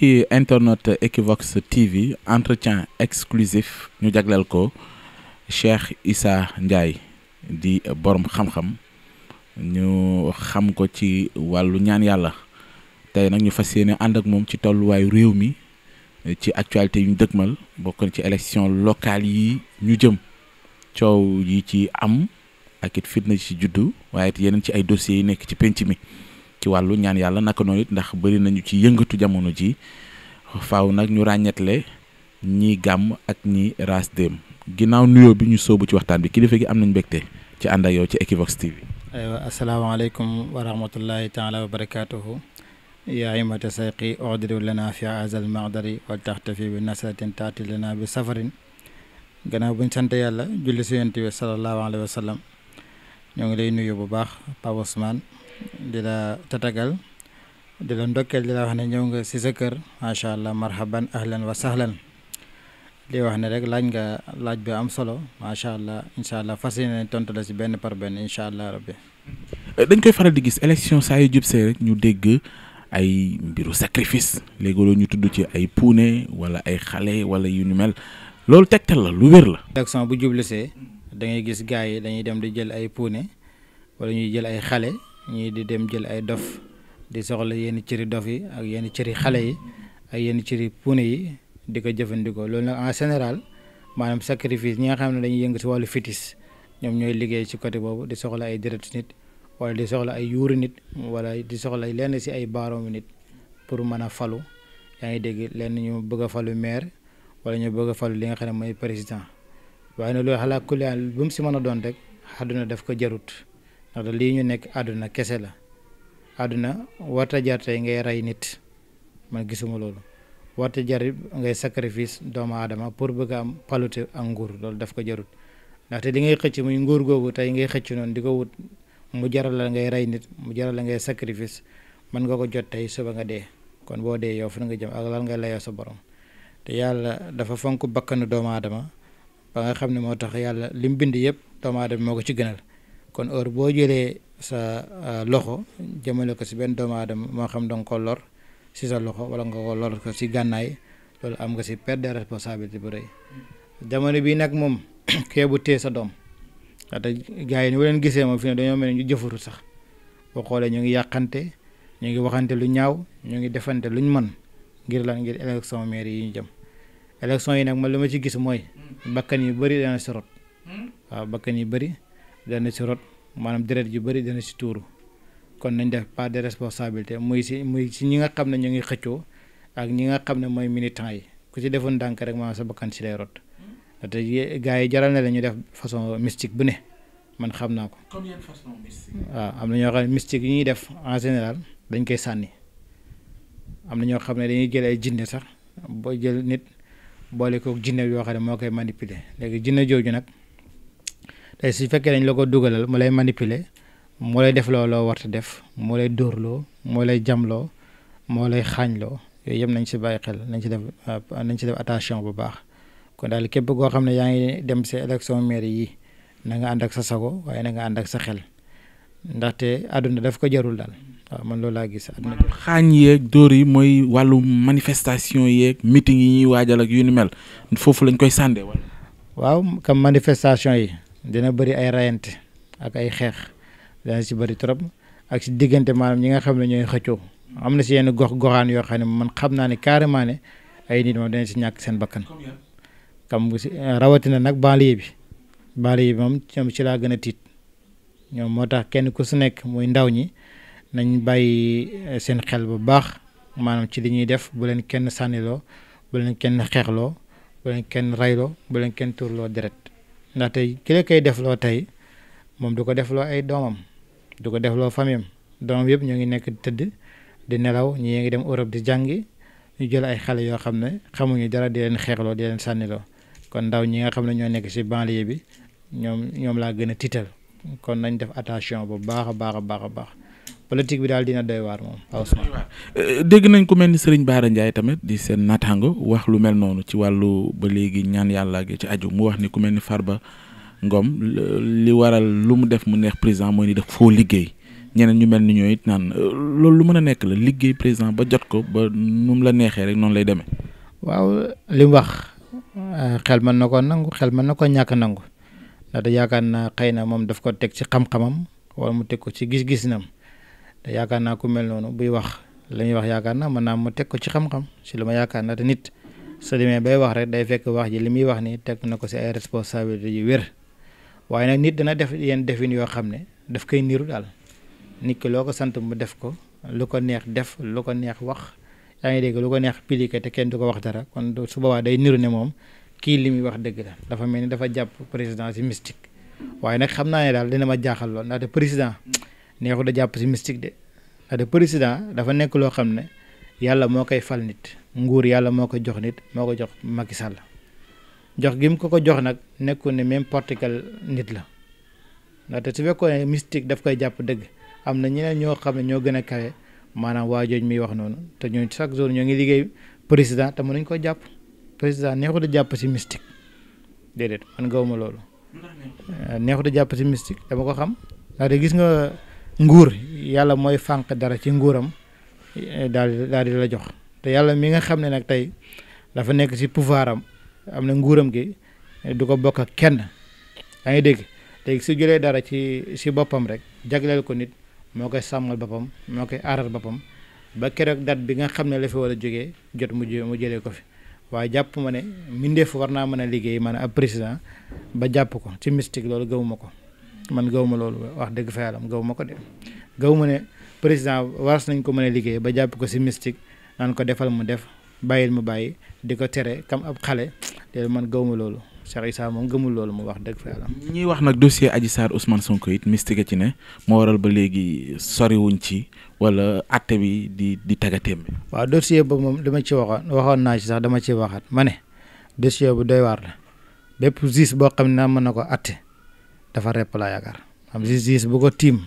ci internet Equivox TV entretien exclusif ñu jagleel ko Cheikh Issa Ndiaye di borom xam-xam ñu xam ko ci wàllu ñaan yàlla tey nag ñu fas yéene ànd ak moom ci tolluwaayu réew mi ci actualité yu ñu dëgmal bokk na ci élection locale yi ñu jëm coow yi ci am ak it fitna ci juddu waaye it yeneen ci ay dossiers yi nekk ci penc mi. ci wàllu ñaan yàlla naka noonu it ndax bëri nañu ci yëngatu jamono ji faw nag ñu ràññetle ñi gàmm ak ñi raas dem ginnaaw nuyoo bi ñu sóobu ci waxtaan bi kilifa gi am nañ mbégte ci ànd ak yow ci Equivox TV. aywa asalaamaaleykum wa rahmatullahi taala wa barakaatuhu yaa imata sayqi odriw lana bi nasratin taati lana bi safarin gannaaw buñ sant yàlla julli si yonent bi salallaahu alayhi wa sallam ñoo ngi lay nuyu bu baax Pape Ousmane dina la tatagal di la ndokkeel di wax ne ñëw nga si sa kër macha allah marhaban ahlan wa sahlan di wax ne rek laaj nga laaj bi am solo macha allah incha allah fas yéene tontu la si benn par benn incha allah rabbi. Eh, dañ koy faral di gis élection saa yu jub ñu dégg ay mbiru sacrifice léegi loolu ñu tudd ci ay puune wala ay xale wala yu ni mel loolu tegtal la lu wér la. élection bu jublisee da ngay gis gars yi dañuy dem di jël ay puune wala ñuy jël ay xale. ñii di dem jël ay dof di soxla yenn cëri dof yi ak yenn cëri xale yi ak yenn cëri pune yi di ko jëfandikoo loolu nag en général maanaam sacrifice ñi nga xam ne dañuy yëngu si wàllu fitis ñoom ñooy liggéey ci côté boobu di soxla ay deret nit wala di soxla ay yuuri nit wala di soxla lenn si ay baaroomi nit pour mën a falu yaa ngi dégg lenn ñu bëgg a falu maire wala ñu bëgg a falu li nga xam ne mooy président waaye nag loolu xalaat kulli bu mu si mën a doon rek àdduna daf ko jarut ndax da lii ñu nekk àdduna kese la àdduna warta jar tey ngay rey nit man gisuma loolu warta jar ngay sacrifice doomu aadama pour bëgg am palute ak nguur loolu daf ko jarut ndaxte li ngay xëcc muy nguur googu tey ngay xëcc noonu di ko wut mu jaral la ngay rey nit mu jaral la ngay sacrifice mën nga ko jot tey suba nga dee kon boo dee yow fu nga jëm ak lan nga layoo sa borom te yàlla dafa fonk bakkanu doomu aadama ba nga xam ne moo tax yàlla lim bind yëpp doomu aadama moo ko ci gënal kon heure boo jëlee sa euh, loxo jëmale ko si benn doomu aadama moo xam danga ko lor si sa loxo wala nga ko lor ko si gànnaay loolu am nga si perte de responsabilité bu rëy jamono bii nag moom xeebu tee sa doom ndaxte gaa yi ni leen gisee moom fi ne dañoo mel ni ñu jëfuru sax boo xoolee ñu ngi yàqante ñu ngi waxante lu ñaaw ñu ngi defante luñ mën ngir lan ngir élection mairie yi ñu jëm élection yi nag man li ma ci gis mooy hmm. bakkan yu bari dana si rot hmm. waaw dana si rot maanaam deret yu bëri dana si tuuru kon nañ def part de responsabilité muy si muy si ñi nga xam ne ñoo ngi xëccoo ak ñi nga xam ne mooy militant yi ku si defoon ndànk rek maanaam sa bakkan si lay rot te gars yi jaral na la ñu def façon mystique bu ne man xam naa ko. comme am na ñoo xam ne mystique yi ñuy def en général dañ koy sànni am na ñoo xam ne dañuy jël ay jinne sax boo jël nit boole ko jinne yoo xam ne moo koy manipuler léegi jinne jooju nag. tey fekkee dañ la ko dugalal mu lay manipule moo lay def loo loo warta def moo lay dóorloo moo lay jamloo moo lay xaañloo yooyu yëpp nañ si bàyyi xel nañ si def euh, nañ si def attention bu baax kon daal képp koo xam ne yaa ngi dem si élection mairie yi nanga nga ànd ak sa sago waaye na nga ànd ak sa xel ndaxte àdduna def ko jarul daal man loolu laa gis àdduna xaañ yeeg dóor yi mooy wàllu manifestation yeeg meeting yi ñuy waajal ak yu ni mel foofu lañ koy sànde waaw comme manifestation yi dina bëri ay rayante ak ay xeex dana si bëri trop ak si diggante maanaam ñi nga xam ne ñooy xëccoo am na si yenn gox goxaan yoo xam ne man xam naa ne carrément ne ay nit moom dana si ñàkk seen bakkan kam si rawatina nag banlieue bi banlieue bi moom ñoom ci laa gën a tiit ñoom moo tax kenn ku su nekk muy ndaw ñi nañ bàyyi eh, seen xel bu baax maanaam ci li ñuy def bu leen kenn sànniloo bu leen kenn xeexloo bu leen kenn rayloo bu leen kenn tuurloo deret ndax tey ki la koy defloo tey moom du ko def loo ay doomam du ko def loo famiyam doomam yëpp ñoo ngi nekk tëdd di nelaw ñi ngi dem Europe di jàngi ñu jël ay xale yoo xam ne xamuñu dara di leen xeexloo di sànni sànniloo kon ndaw ñi nga xam ne ñoo nekk ci banlieue bi ñoom ñoom laa gën a tiital kon nañ def attention bu baax a baax a baax a baax politique bi daal dina doy waar moom Pa Ousmane euh, dégg nañ ku mel ni Serigne Bara Ndiaye tamit di seen naataango wax lu mel noonu ci wàllu ba léegi ñaan yàlla gi ci aju mu wax ni ku mel ni ba ngoom li waral lu mu def mu neex président mooy ni def foo liggéey ñeneen ñu mel ni ñooy it naan euh, loolu lu mën a nekk la liggéey président ba jot ko ba nu la neexee rek noonu lay demee. waaw li mu wax euh, xel mën na ko nangu xel mën na ko ñàkk nangu ndaxte yaakaar naa xëy na moom daf ko teg ci xam-xamam mu teg ko ci gis-gis nam te yaakaar naa ku mel noonu buy wax lañuy wax yaakaar naa mën naa mu teg ko ci xam-xam si lu ma yaakaar naa te nit su demee bay wax rek day fekk wax ji li muy wax ni teg na ko si ay responsabilité yu wér waaye nag nit dana def yenn defin yoo xam ne daf koy niru daal nit ki loo ko sant mu def ko lu ko neex def lu ko neex wax yaa ngi dégg lu ko neex pilike te kenn du ko wax dara kon su boobaa day niru ne moom kii li muy wax dëgg la dafa mel ni dafa jàpp président si mystique waaye nag xam naa daal dina ma jaaxal lool ndaxte président neexu da jàpp si mystique de ndaxte président dafa nekk loo xam ne yàlla moo koy fal nit nguur yàlla moo koy jox nit moo ko jox Macky la jox gi mu ko ko jox nag nekkul ne même portugal nit la ndaxte su fekkoon ne mystique daf koy jàpp dëgg am na ñeneen ñoo xam ne ñoo gën a kawe maanaam waa jooj miy wax noonu te ñoo chaque jour ñoo ngi liggéey président te mënuñ ko jàpp président neexut a jàpp si mystique déedéet man gawuma loolu euh, neexut a jàpp si mystique nguur yàlla mooy fànq dara ci nguuram eh, daal di la jox te yàlla mi nga xam ne nag tey dafa nekk ci pouvoir am am na nguuram gi eh, du ko bokk ak kenn yaa ngi dégg léegi su jëlee dara ci ci boppam rek jagleel ko nit moo koy sàmmal boppam moo koy aaral boppam ba keroog dat bi nga xam ne la fi war a jógee jot mu mu jëlee ko fi waaye jàpp ma ne mbindeef war naa mën a liggéey maanaam a président ba jàpp ko ci mystique loolu gëmuma ko man gaw ma loolu wax dëgg fa yàlla gaw ma ko de gaw ma ne président waras nañ ko mën a liggéey ba jàpp ko si mystique naan ko defal mu def bàyyil mu bàyyi di ko tere kam ab xale te man gaw ma loolu Cheikh Issa moom gëmul loolu mu wax dëgg fa yàlla. ñuy wax nag dossier Adji Sarr Ousmane Sonko it mystique ci ne moo waral ba léegi soriwuñ ci wala àtte bi di di bi waaw dossier boobu moom dama ci waxoon waxoon naa ci sax dama ci waxaat ma ne dossier bu doy bépp juge boo xam ne mën na ko àtte dafa repp laa yaakaar xam justice bu ko tiim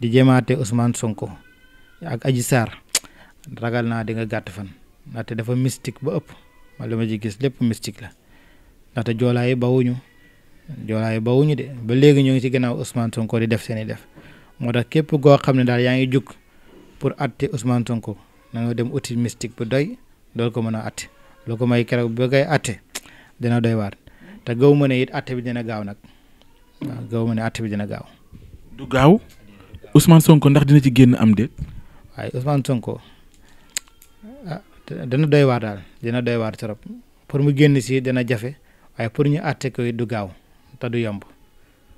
di jëmaate Ousmane Sonko ak aji Sarr ragal naa dinga gàtt fan ndaxte dafa mystique ba ëpp ma li ma ci gis lépp mystique la ndaxte joolaayi bawuñu joolaayi bawuñu de ba léegi ñu ngi ci gannaaw Ousmane Sonko di def seen i def moo tax képp koo xam ne daal yaa ngi jug pour atte Ousmane Sonko na dem outil mystique bu doy dool ko mën a atte loo ko may keroog ba koy atte doy waat te gaw ma ne it atte bi dina gaaw nag waaw gaw ma ne àtte bi dina gaaw. du gaaw Ousmane Sonko ndax dina ci génn am déet. waaye Ousmane Sonko ah dana doy waar daal dina doy waar trop pour mu génn si dana jafe waaye pour ñu àtte ko du gaaw te du yomb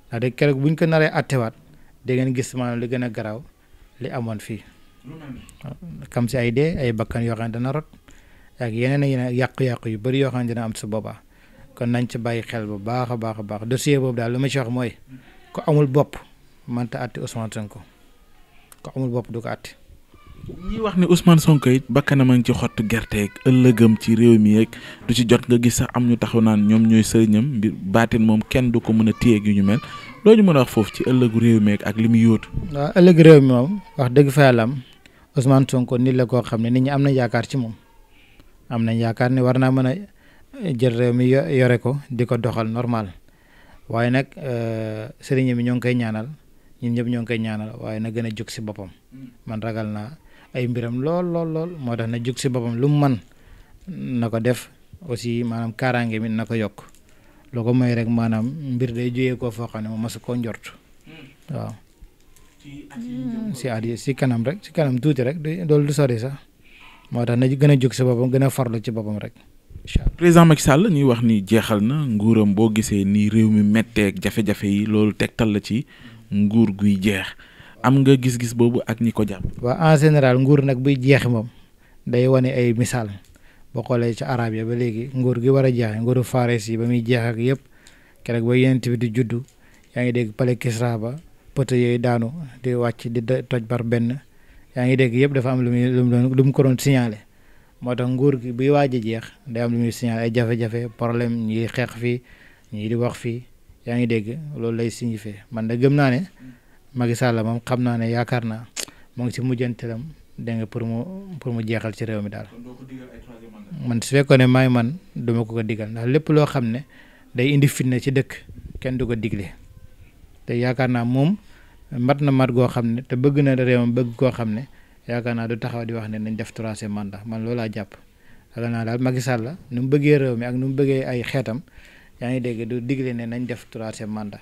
ndax de keroog bu ñu ko naree àttewaat da ngeen gis maanaam li gën a garaaw li amoon fii. kam si ay dee ay bakkan yoo xam ne dana rot ak yeneen yeneen yàq yàq yu bari yoo xam ne dina am su boobaa. kon nañ ci bàyyi xel bu baax a baax a baax dossier boobu daal lu ma ci wax mooy ko amul bopp manta àtti Ousmane Sonko ko amul bopp du ko àtti. ñuy wax ne Ousmane Sonko it bakkanam a ngi ci xottu gerteeg ëllëgëm ci réew mi yeeg du ci jot nga gis sax am ñu taxaw naan ñoom ñooy sëriñam mbir baatin moom kenn du ko mën a téyeeg yu ñu mel loo ñu mën a wax foofu ci ëllëgu réew mi ak li mu yóotu. waaw ëllëgu réew mi moom wax dëgg fa yàlla am Sonko nit la koo xam ne nit ñi am nañ yaakaar ci moom am nañ yaakaar ne war naa mën a jël réew mi yore ko di ko doxal normal waaye nag euh, sëriñ mi ñoo ngi koy ñaanal ñun ñëpp ñoo ngi koy ñaanal waaye na gën a jug si boppam man ragal naa ay mbiram lool lool lool moo tax na jug si boppam lu mu mën na ko def aussi maanaam kaaraange mi na ko yokk loo ko may rek maanaam mbir day jóyee koo foo xam ne moom mosu koo njort waaw. si at si kanam rek si kanam tuuti rek loolu du sori sax moo tax na gën a jug si boppam gën a farlu ci boppam rek. chaque allah président Macky Sall ñuy wax ni jeexal na nguuram boo gisee nii réew mi metteeg jafe-jafe yi loolu tegtal la ci nguur guy jeex am nga gis-gis boobu ak ñi ko jàpp. waa en général nguur nag buy jeex moom day wane ay misaal boo xoolee ci arab ya ba léegi nguur gi war a jeex nguuru Faris yi ba muy jeex ak yëpp keroog ba yeneen bi di juddu yaa ngi dégg palais Kisra ba poto yooyu daanu di wàcc di toj bar benn yaa ngi dégg yëpp dafa am lu muy lu mu ko doon signalé. moo tax nguur gi buy waaj a jeex day am lu muy signal ay jafe-jafe problème ñuy xeex fii ñii di wax fii yaa ngi dégg loolu lay signifié man da gëm naa ne Macky Sall moom xam naa ne yaakaar naa mu ngi si mujjanteelam dégg nga pour mu pour mu jeexal ci réew mi daal. su fekkoon ne maay man duma ko digal ndax lépp loo xam ne day indi fitna ci dëkk kenn du ko digle te yaakaar naa moom mat na mat goo xam ne te bëgg na réewam bëgg koo xam ne. yaakaar naa du taxaw di wax ne nañ def troisième mandat man loolaa jàpp yaakaar naa daal Macky la nu mu bëggee réew mi ak nu mu bëggee ay xeetam yaa ngi dégg du digle ne nañ def troisième mandat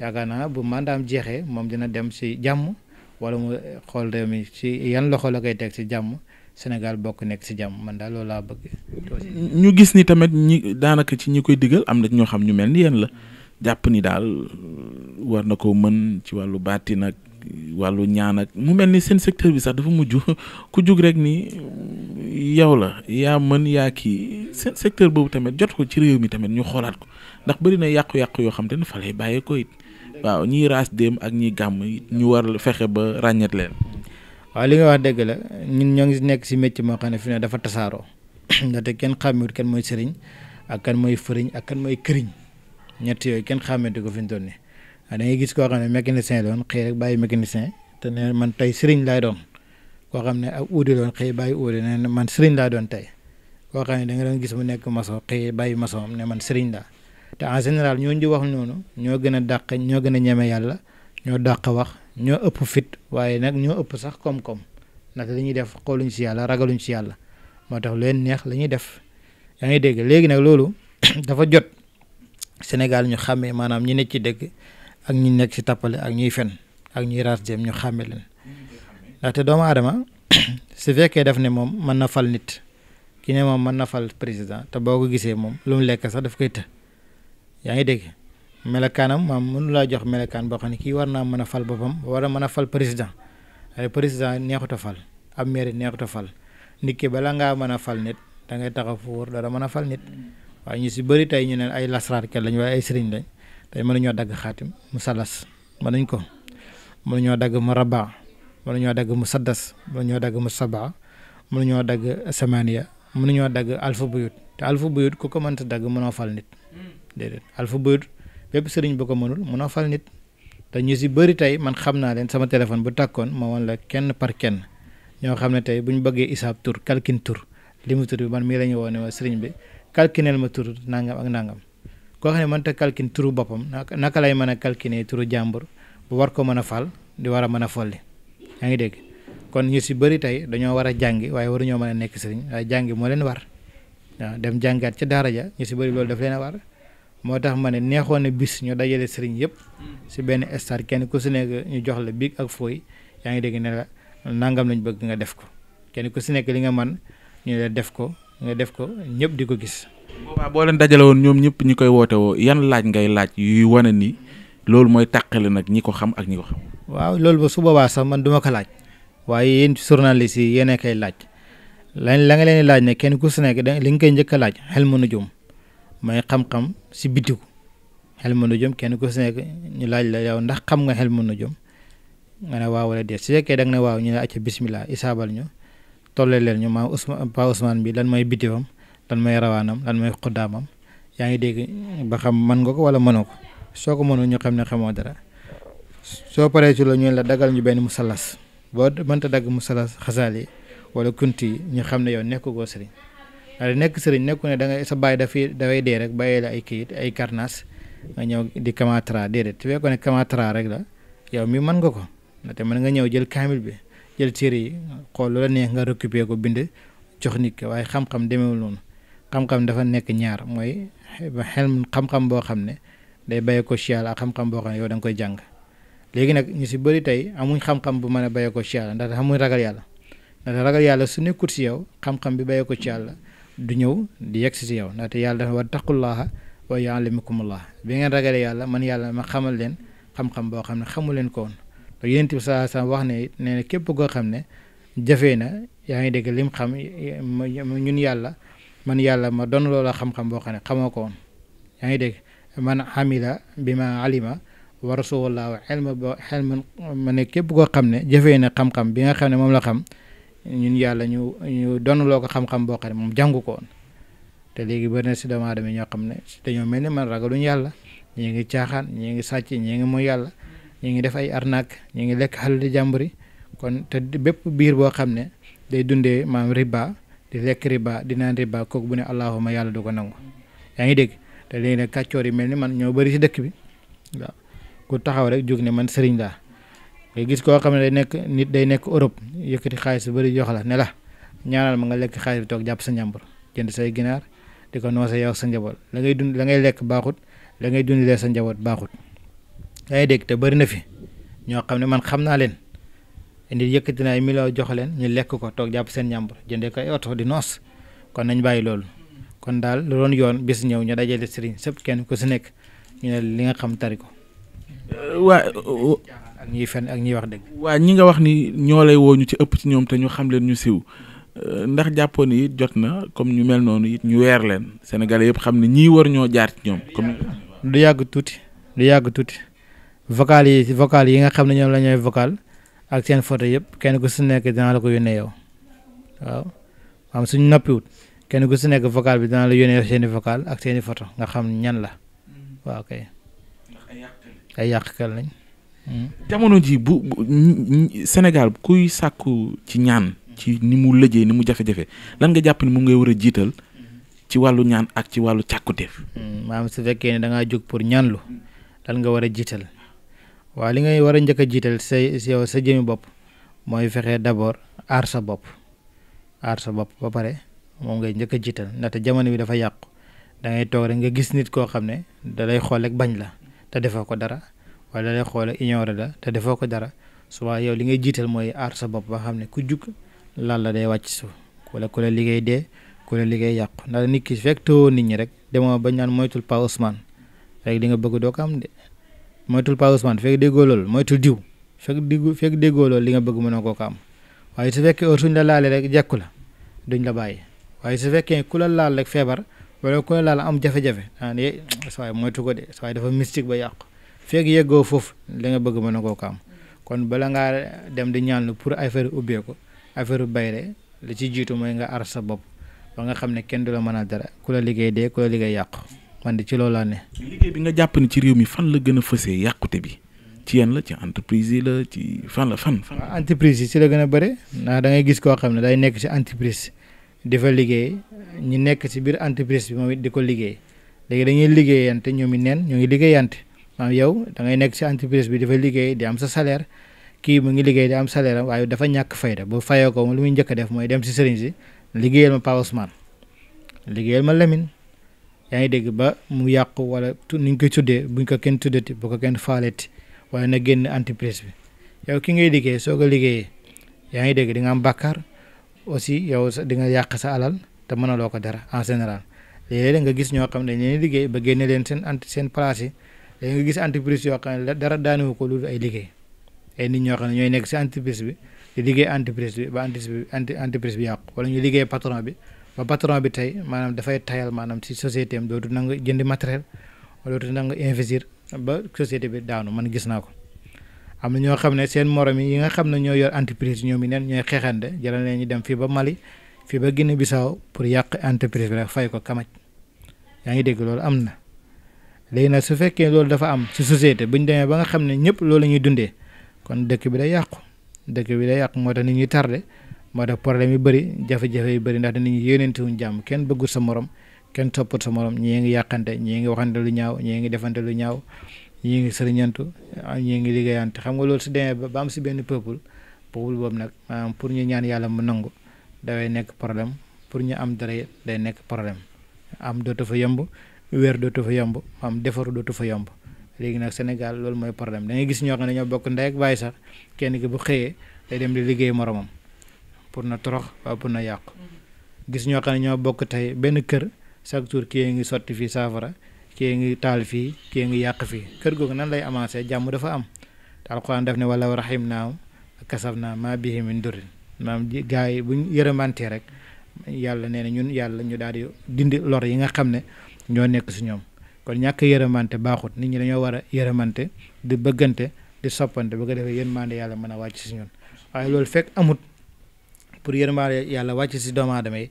yaakaar naa bu mandaam jeexee moom dina dem si jàmm wala mu xool réew mi ci yan loxo la koy teg si jàmm Sénégal bokk nekk si jàmm man daal loolu laa bëgg. ñu gis ni tamit ñi daanaka ci ñi koy digal am nag ñoo xam ñu mel ni yéen la jàpp ni daal war na ko mën ci wàllu baati wàllu ñaan ak mu mel ni seen secteur bi sax dafa mujj ku jóg rek nii yow la yaa mën yaa kii seen secteur boobu tamit jot ko ci réew mi tamit ñu xoolaat ko ndax bëri na yàqu-yàqu yoo xam te ne fa bàyyee ko it waaw ñiy raas déem ak ñiy gàmm ñu war fexe ba ràññet leen. waaw li nga wax dëgg la ñun ñoo ngi nekk si métier moo xam ne fi ne dafa tasaaroo ndaxte kenn xàmmewut kenn mooy sëriñ ak kan mooy fëriñ ak kan mooy këriñ ñett yooyu kenn xàmmeetu ko fi ñu da ngay gis koo xam ne mécanicien doon xëy rek bàyyi mécanicien te ne man tey sëriñ laay doon koo xam ne ak uudi doon xëy bàyyi uudi ne man sëriñ laa doon tey koo xam ne da nga doon gis mu nekk maçon xëy bàyyi maçon ne man sëriñ laa te en général ñu di wax noonu ñoo gën a dàq ñoo gën a ñeme yàlla ñoo dàq wax ñoo ëpp fit waaye nag ñoo ëpp sax koom-koom ndax li ñuy def xooluñ si yàlla ragaluñ si yàlla moo tax leen neex la def yaa ngi dégg léegi nag loolu dafa jot Sénégal ñu xàmmee maanaam ñi nekk ci dëgg ak ñi nekk ci tappale ak ñuy fen ak ñuy raas jéem ñu xàmme leen ndaxte doomu aadama su fekkee def ne moom mën na fal nit ki ne moom mën na fal président te boo ko gisee moom lu mu lekk sax daf koy të yaa ngi dégg melokaanam maam mënu laa jox melokaan boo xam ne kii war naa mën a fal boppam war a mën a fal président waaye président neexut a fal ab maire neexut fal nit ki bala ngaa mën a fal nit da ngay taxaw fu wóor dara mën a fal nit waaye ñu si bëri tey ñu ne ay lasraar kenn lañ waaye ay sëriñ tey mën nañoo dagg xaatim mu salas mën nañ ko mën nañoo dagg mu rabaa mën nañoo dagg mu saddas mën nañoo dagg mu sabaa mën nañoo dagg samaniya mën nañoo dagg alfa buyut te alfa buyut ku ko mënta dagg mënoo fal nit déedéet alfa buyut bépp sëriñ bu ko mënul mënoo fal nit te ñu si bari tey man xam naa leen sama téléphone bu takkoon ma woon kenn par kenn ñoo xam ne tey bu ñu bëggee isaab tur kalkin tur limu tur bi man mii la ñu ne ma sëriñ bi kalkineel ma tur nangam koo xam ne mënta calculer turu boppam naka lay mën a calculer turu jàmbur bu war ko mën a fal di war a mën a folli yaa ngi dégg kon ñu si bëri tey dañoo war a jàngi waaye waruñoo mën a nekk sëriñ waaye jàngi moo leen war waaw dem jàngaat ca daara ja ñu si bari loolu daf leen a war moo tax ma ne neexoon na bis ñu dajale sëriñ yëpp si benn star kenn ku si nekk ñu jox la biig ak fooy yaa ngi dégg ne la nangam lañ bëgg nga def ko kenn ku si nekk li nga man def ko def ko ñëpp di ko gis boobaa boo leen dajale woon ñoom ñëpp ñi koy woote woo yan laaj ngay laaj yuy wane nii loolu mooy tàqale nag ñi ko xam ak ñi ko xam. waaw loolu ba su boobaa sax man duma ko laaj waaye yéen journaliste yi yéen a koy laaj lan la nga leen laaj ne kenn ku si nekk li nga koy njëkk a laaj xel mën a jëm mooy xam-xam si bitiku xel mën a kenn ku si nekk ñu laaj la yow ndax xam nga xel mën a jëm nga ne waaw wala déet su fekkee da ne waaw ñu ne acca bismillah ñu tolle leen ñu maam Ousmane Pa Ousmane bi lan mooy bitiwam lan mooy rawaanam lan mooy xuddaamam yaa ngi dégg ba xam man nga ko wala mënoo ko soo ko mënul ñu xam ne xamoo dara soo paree ci la ñu la dagal ñu benn musalas boo mënta dagg musalas xasaal yi wala kunt yi ñu xam ne yow nekk sëriñ ndax nekk sëriñ nekku ne da ngay sa bàyyi dafay dafay dee rek bàyyi la ay kayit ay karnas nga ñëw di kamatra déedéet su ko ne kamatra rek la yow mi mën nga ko ndaxte mën nga ñëw jël kaamil bi jël téere yi xool lu la neex nga récupérer ko bind jox nit waaye xam-xam demeewul xam-xam dafa nekk ñaar mooy xel xam-xam boo xam ne day bàyyi ko ci yàlla ak xam-xam boo xam ne yow da koy jàng léegi nag ñu si bëri tey amuñ xam bu mën a bàyyi ko ci yàlla ndax amuñ ragal yàlla ragal yàlla su nekkul si yow xam bi bàyyi ko ci yàlla du ñëw di yegg si si yow ndaxte yàlla dafa war taqullaha wa yaalimukumullah bi ngeen ragalee yàlla man yàlla ma xamal leen xam-xam boo xam ne xamu leen ko woon te yonent saa saa wax ne nee na képp koo xam ne jafee na yaa ngi dégg lim xam ñun yàlla man yàlla ma doon loola xam-xam boo xam ne xamoo ko woon yaa ngi dégg man amila bi ma alima wa rasulullah xelma bo xelma ma ne képp koo xam ne jëfee na xam-xam bi nga xam ne moom la xam ñun yàlla ñu ñu doon loo ko xam-xam boo xam ne moom jàngu ko woon te léegi bari na si doomu aadama ñoo xam ne dañoo mel ni man ragaluñu yàlla ñii ngi caaxaan ñii ngi sàcc ñii ngi mooy yàlla ñii def ay arnaque ñii lekk xalali jàmbur kon te bépp biir boo xam ne day dundee maam di lekk riba di naan riba bu ne allahuma yàlla du ko nangu yaa ngi dégg te léegi nag kàccoor yi mel ni man ñoo bari si dëkk bi ku taxaw rek jóg ne man sëriñ laa nga gis koo xam ne day nekk nit day nekk Europe yëkkati xaalis bu bëri jox la ne la ñaanal ma nga lekk xaalis bi toog jàpp sa njàmbur jënd say ginaar di ko noose yow sa njaboot la ngay dund la ngay lekk baaxut la ngay dundalee sa njaboot baaxut yaa ngi dégg te bëri fi ñoo xam ne man xam naa leen nit yëkkati na ay millions jox leen ñu lekk ko toog jàpp seen ñàmbur jëndee ko ay oto di noos kon nañ bàyyi loolu kon daal lu doon yoon bis ñëw ñu dajale sëriñ sëpp kenn ku si nekk ñu li nga xam tari ko. Euh, waa euh, ak ak ñiy wax dëgg. waa ñi nga wax ni ñoo lay woo ñu ci ëpp ci ñoom te ñu xam leen ñu siw euh, ndax jàppoon yi jot na comme ñu mel noonu it ñu weer leen sénégalais yëpp xam ne ñii war ñoo jaar ci ñoom. comme du yàgg tuuti du yàgg tuuti vocal yi vocal yi nga xam ne ñoom la vocal. ak seen photo yëpp kenn ku si nekk dinaa la ko yónnee yow waaw am suñ noppiwut kenn ku si nekk vocal bi dana la yónnee seen i vocal ak seeni i photo nga xam ñan la waaw kay. ay yàqkal lañ. jamono ji bu Sénégal kuy sàkku ci ñaan ci ni mu lëjee ni mu jafe-jafe lan nga jàpp ni mu ngay war a jiital ci wàllu ñaan ak ci wàllu càkkutéef. maanaam hmm, su fekkee ne da ngaa jóg pour ñaanlu lan nga war a jiital. waaw li ngay war a njëkk a jiital sa yow sa jëmi bopp mooy fexe d'abord aar sa bopp aar sa bopp ba pare moom ngay njëkk a jiital ndaxte jamono bi dafa yàqu da ngay toog rek nga gis nit koo xam ne dalay xool ek bañ la te defoo ko dara wala da lay xool rek ignoré la te defoo ko dara souvent yow li ngay jiital mooy aar sa bopp ba xam ne ku jug lan la day wàcc su wala ku la liggéey dee ku la liggéey yàqu ndax nit ki fekk tëwoo nit ñi rek demoo ba ñaan moytul Pa Ousmane rek li nga bëgg doo ko am moytul Pa Ousmane fekk déggoo loolu moytul diw fekk diggu fekk déggoo loolu li nga bëgg mënoo koo ko am waaye su fekkee heure suñ la laalee rek jekku la duñ la bàyyi waaye su fekkee ku la laal rek feebar wala ku la laal am jafe-jafe ah eh waaye moytu ko de waaye dafa mystique ba yàqu fekk yeggoo foofu li nga bëgg mënoo koo ko am kon bala ngaa dem di ñaan pour affaire ubbeeku affaire bayre li ci jiitu mooy nga ar sa bopp ba nga xam ne kenn du la mën a dara ku la liggéey dee ku liggéey yàqu. man di ci loolu laa ne. liggéey bi nga jàpp ni ci réew mi fan la gën a fësee yàqute bi. ci yan la ci entreprise yi la ci fan la fan. entreprise yi si la gën a bëri ndax dangay gis koo xam ne day nekk si entreprise di fa liggéey ñi nekk si biir entreprise bi moom it di ko liggéey léegi dañuy liggéeyante ñoom it neen ñoo ngi liggéeyante maanaam yow da ngay nekk si entreprise bi di fa liggéey di am sa salaire. kii mu ngi liggéey di am salaire waaye dafa ñàkk fayda boo fayoo ko lu muy njëkk a def mooy dem si sëriñ si Pa Ousmane yaa ngi dégg ba mu yàqu wala ni ñu koy tuddee buñ ko kenn ti bu ko kenn faaleeti wala na génn entreprise bi yow ki ngay liggéey soo ko liggéeyee yaa ngi dégg di nga am bàkkaar aussi yow di nga yàq sa te mën a ko dara en général léeg nga gis ñoo xam ne dañu liggéey ba génne leen seen ant seen place yi nga gis entreprise yoo xam ne dara daanewu ko loolu ay liggéey ay nit ñoo xam ne ñooy nekk si entreprise bi di liggéey entreprise bi ba entreprise bi entreprise bi yàqu wala ñu liggéey patron bi ba patron bi tey maanaam dafay tayal maanaam ci société am dootu nangu jëndi matériel dootu nangu investir ba société bi daanu man gis naa ko am na ñoo xam ne seen morom yi nga xam ne ñoo yor entreprise ñoom yi neen ñooy xeexande jëlal ne ñu dem fii ba Mali fii ba Guinée Bissau pour yàq entreprise bi rek fay ko kamaj yaa ngi dégg loolu am na léegi nag su fekkee loolu dafa am si société bu ñu demee ba nga xam ne ñëpp loolu la ñuy dundee kon dëkk bi day yàqu dëkk bi day yàqu moo tax ñuy tardé moo tax problème yu bëri jafe-jafe yu bëri ndax dinañu yéenante wuñ jàmm kenn bëggul sa morom kenn toppat sa morom ñii ngi yàqante ñii ngi waxante lu ñaaw ñii ngi defante lu ñaaw ñii ngi sëriñantu ñii ngi liggéeyante xam nga loolu su demee ba am si benn peuple peuple boobu nag maanaam pour ñu ñaan yàlla mu nangu daway nekk problème pour ñu am dara day nekk problème am dootu fa yomb weer dootu fa yomb am defaru dootu fa yomb léegi nag Sénégal loolu mooy problème da gis ñoo xam bokk ndey ak sax kenn ki bu xëyee day dem di liggéey moromam pour na torox waa pour na yàqu gis ñoo xam ne ñoo bokk tey benn kër chaque jour kii ngi sotti fii saafara kii ngi taal fii kii ngi yàq fii kër googu nan lay avancé jàmm dafa am te alxuraan daf ne wala rahim naam kasab naa maa bihi min durin maam gars yi bu ñu yërëmantee rek yàlla nee na ñun yàlla ñu daal di dindi lor yi nga xam ne ñoo nekk si ñoom kon ñàkk yërëmante baaxut nit ñi dañoo war a yërëmante di bëggante di soppante ba ko defee yërmande yàlla mën a wàcc si ñun pour yërmaande yàlla wàcc si doomu aadama yi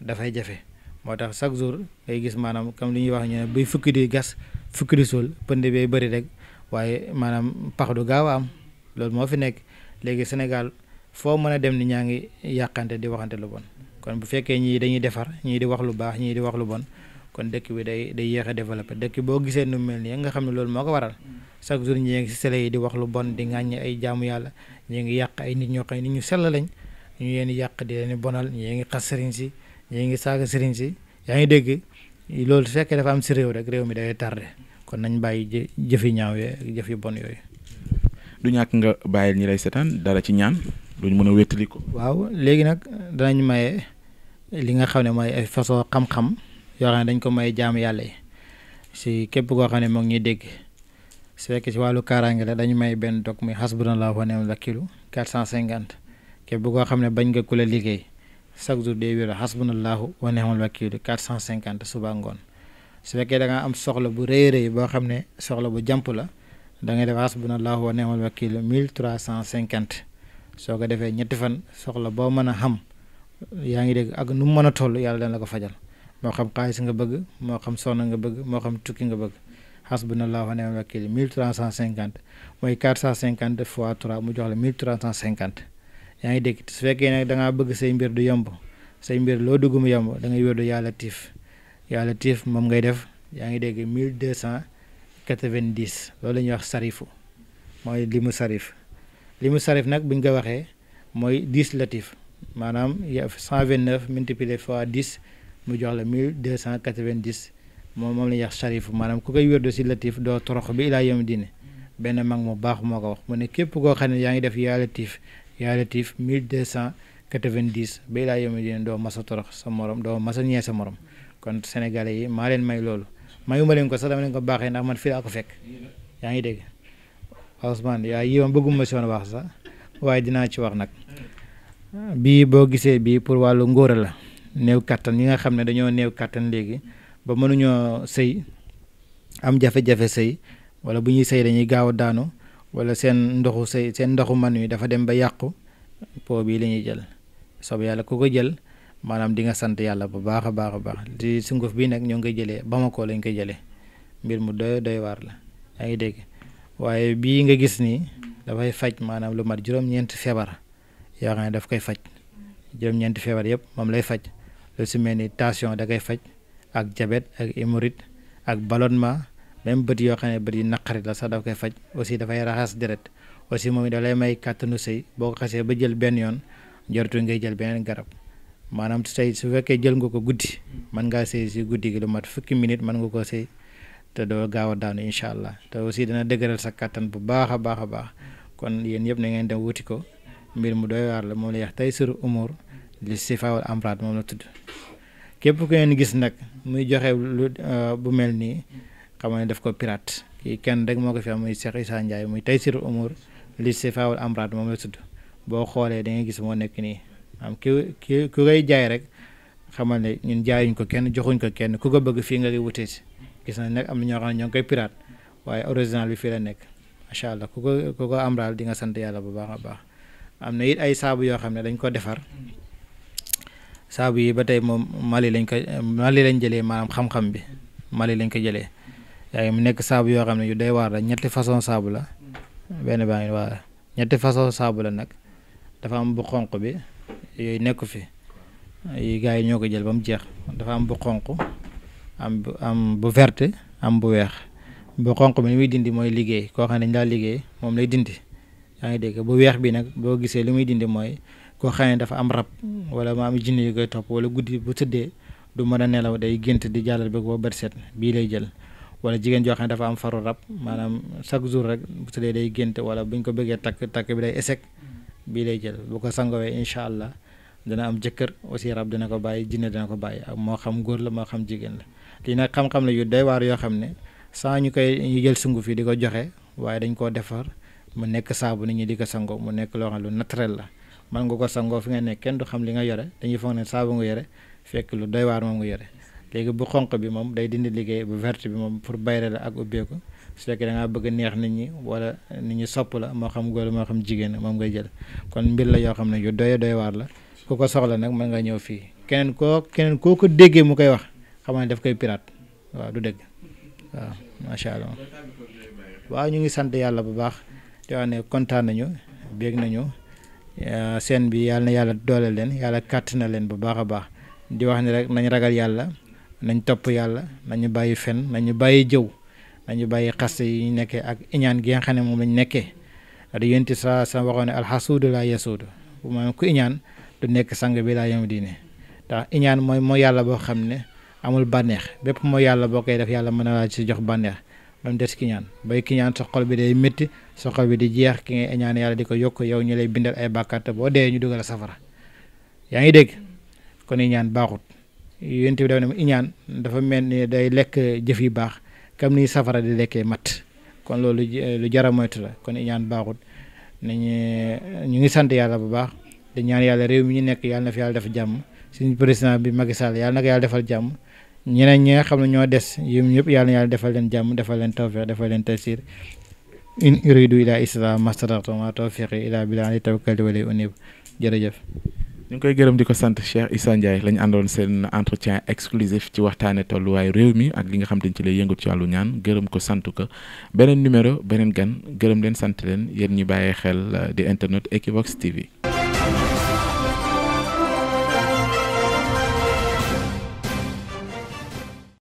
dafay jafe moo tax chaque jour ngay gis maanaam comme li ñuy wax ñu ne buy fukki di gas fukki di suul pënd bee bëri rek waaye maanaam pax du gaaw a am loolu moo fi nekk léegi Sénégal foo mën a dem ni ñaa ngi yàqante di waxante lu bon kon bu fekkee ñii dañuy defar ñii di wax lu baax ñii di wax lu bon kon dëkk bi day day yéex a développé dëkk boo gisee nu mel nii nga xam ne loolu moo ko waral chaque jour ñi ngi yi di wax lu bon di ŋàññi ay jaamu yàlla ñu sell lañ ñu ngi di yàq di leen bonal ñii ngi xas sëriñ si ñii ngi saaga sëriñ si yaa ngi dégg loolu su fekkee dafa am si réew rek réew mi dawee tardé kon nañ bàyyi jëf yu ñaaw ak jëf yu bon yooyu. du ñàkk nga bàyyi ñi lay seetaan dara ci ñaan luñ mën a wétali ko. waaw léegi nag danañ maye li nga xam ne mooy ay façon xam-xam yoo xam ne dañ ko may jaam yàlla yi si képp koo xam ne moo ngi dégg su fekkee si wàllu kaaraange la dañu may benn dog muy xas bu na laa wa neem la kilo 450. képp goo xam ne bañ nga ku liggéey chaque jour day wér xasbunallahu wa ni'mal wakiil 450 suba ngoon su fekkee da nga am soxla bu rëy rëy boo xam ne soxla bu jàmp la da ngay def xasbunallahu mille ni'mal cent cinquante soo ko defee ñetti fan soxla boo mën a xam yaa ngi dégg ak nu mu mën a toll yàlla dana la ko fajal moo xam xaalis nga bëgg moo xam soxna nga bëgg moo xam tukki nga bëgg xasbunallahu wa ni'mal wakiil 1350 mooy 450 fois 3 mu jox la 1350. yaa ngi dégg su fekkee nag da bëgg say mbir du yomb say mbir loo dugg mu yomb da ngay wér du yàlla tiif yàlla tiif moom ngay def yaa ngi dégg mille deux cent quatre-vingt-dix loolu la ñuy wax sarifu mooy limu sarif li mu sarif nag buñ ko waxee mooy dix latif maanaam cent vingt-neuf multiplié fois dix mu jox la mille deux cent quatre-vingt-dix moom moom la ñuy wax sarifu maanaam ku koy wérdu si latif doo torox bi ilaa yom diine benn mag mu baax moo ko wax mu ne képp koo yaa ngi def yaa latif yaa latif 1290 bay laa yoma dine doo mas torox sa morom doo mas a ñee sa morom kon sénégalais yi maa leen may loolu mayuma leen ko sax dama leen ko baaxee ndax man fii laa ko fekk yaa ngi dégg Ousmane yaa yi ma bëgguma si wax sax waaye dinaa ci wax nag bii boo gisee bii pour wàllu ngóora la néew kàttan yi nga xam ne dañoo néew kàttan léegi ba mënuñoo sëy am jafe-jafe sëy wala bu ñuy sëy dañuy gaaw a daanu wala seen ndoxu say seen ndoxu man wi dafa dem ba yàqu po bii lañuy jël soob yàlla ku ko jël maanaam dinga sant yàlla bu baax a baax a baax di sunguf bii nag ñoo ngi koy jëlee Bamako lañ koy jëlee mbir mu doy doy waar la yaa ngi dégg waaye bii nga gis nii dafay faj maanaam lu mat juróom-ñeenti feebar yoo xam ne daf koy faj juróom-ñeenti feebar yëpp moom lay faj lu si mel ni tension da koy faj ak jabet ak hémorroïde ak ballonnement même bët yoo xam ne bët yi naqari la sax daf koy faj aussi dafay raxas deret aussi moom it da lay may kàttanu sëy boo ko xasee ba jël benn yoon jortu ngay jël beneen garab maanaam tey su fekkee jël nga ko guddi mën ngaa sëy si guddi gi lu mat fukki nga ko sëy te doo gaaw a daanu incha allah te aussi dana dëgëral sa kàttan bu baax a baax a baax kon yéen yëpp na ngeen dem wuti ko mbir mu doy waar la moom la yax tey sur umur li sifaawul amraat moom la tudd képp ku ngeen gis nag euh, bu mel nii xamal ne daf ko pirate kenn rek moo ko fi am muy Cheikh Issa Ndiaye muy Taysiru Umur li si boo xoolee da gis moo nekk nii am ki ki ku koy jaay rek xamal ne ñun jaayuñ ko kenn joxuñ ko kenn ku ko bëgg fii nga koy wutee si gis na nag am na ñoo xam ne ñoo ngi koy pirate waaye original bi fii la nekk macha allah ku ko ku ko am daal di nga sant yàlla bu baax a baax am na it ay saabu yoo xam ne dañ ko defar saabu yi ba tey moom Mali lañ ko Mali lañ jëlee maanaam xam-xam bi Mali lañ ko jëlee yaa mu nekk saabu yoo xam ne yu day waar ñetti façon saabu la benn baa ngi waa façon saabu la nag dafa am bu xonq bi yooyu nekku fi yi gars yi ñoo ko jël ba mu jeex dafa am bu xonq am am bu vert am bu weex bu xonq bi li muy dindi mooy liggéey koo xam ne ñu liggéey moom lay dindi yaa ngi bu weex bi nag boo gisee li muy dindi mooy koo xam ne dafa am rab wala ma am jinne yu koy topp wala guddi bu tëddee du mën a nelaw day gént di jàllal ba ko bët bii lay jël wala jigéen joo xam ne dafa am faru rab maanaam chaque jour rek su dee day gént wala buñ ko bëggee takk takk bi day esec bii day jël bu ko sangowee incha allah dana am jëkkër aussi rab dina ko bàyyi jinne dina ko bàyyi ak moo xam góor la moo xam jigéen la lii nag xam-xam la yu doy waar yoo xam ne saa ñu koy ñu jël sungu fi di ko joxe waaye dañ koo defar mu nekk saabu nit ñi di ko sango mu nekk loo xam lu naturel la man nga ko sangoo fi nga nekk kenn du xam li nga yore dañuy foog ne saabu nga yore fekk lu doy waar moom yore léegi bu xonq bi moom day dindi liggéey bu vert bi moom pour bayre la ak ubbeeku su fekkee da ngaa bëgg neex nit ñi wala nit ñi sopp la moo xam góor moo xam jigéen moom ngay jël kon mbir la yoo xam ne yu doy doy waar la ku ko soxla nag mën nga ñëw fii keneen koo keneen koo ko déggee mu koy wax xam daf koy pirate waaw du dëgg waaw macha allah waaw ñu ngi sant yàlla bu baax di wax ne kontaan nañu bég nañu seen bi yàlla na yàlla doole leen yàlla kàtt na leen bu baax a baax di wax ne rek nañ ragal yàlla. nañ topp yàlla nañu bàyyi fen nañu bàyyi jëw nañu bàyyi xaste yi ñu nekkee ak iñaan gi nga xam ne moom lañu nekkee da yénti sa sa waxoon ne alxasuudu laa yasuudu moom ku iñaan du nekk sang bi laa yam diine ndax iñaan mooy mooy yàlla boo xam ne amul bànneex bépp mooy yàlla boo koy def yàlla mën na laa ci jox bànneex bam des kiñaan ñaan bay ki ñaan sa xol bi day métti sa bi di jeex ki ngay iñaan yàlla di ko yokk yow ñu lay bindal ay bàkkaar boo dee ñu dugal safara yaa ngi dégg kon iñaan baaxut yonent bi dafa ne iñaan dafa mel ni day lekk jëf yu baax kam nii safara di lekkee mat kon loolu eh, lu jara moytu la kon iñaan baaxut nañu eh, ñu ngi sant yàlla bu baax di ñaan yàlla réew mi ñu nekk yàlla na fi yàlla def jàmm suñu président bi Macky Sall yàlla na ko defal jàmm ñeneen ñi nga xam ne ñoo des yëm ñëpp yàlla na yàlla defal leen jàmm defal leen tawfiq defal leen une taysiir in uridu ila islam mastata'tu ma tawfiqi ila billahi tawakkaltu wa ilayhi unib jërëjëf ñu ngi koy gërëm di ko sant Cheikh Issa Ndiaye la ñu àndoon seen entretien exclusif ci waxtaane tolluwaayu réew mi ak li nga xam te ci lay yëngut ci àllu ñaan gërëm ko sant ko beneen numéro beneen gan gërëm leen sant leen yéen ñi bàyyee xel euh, di internet Equivox TV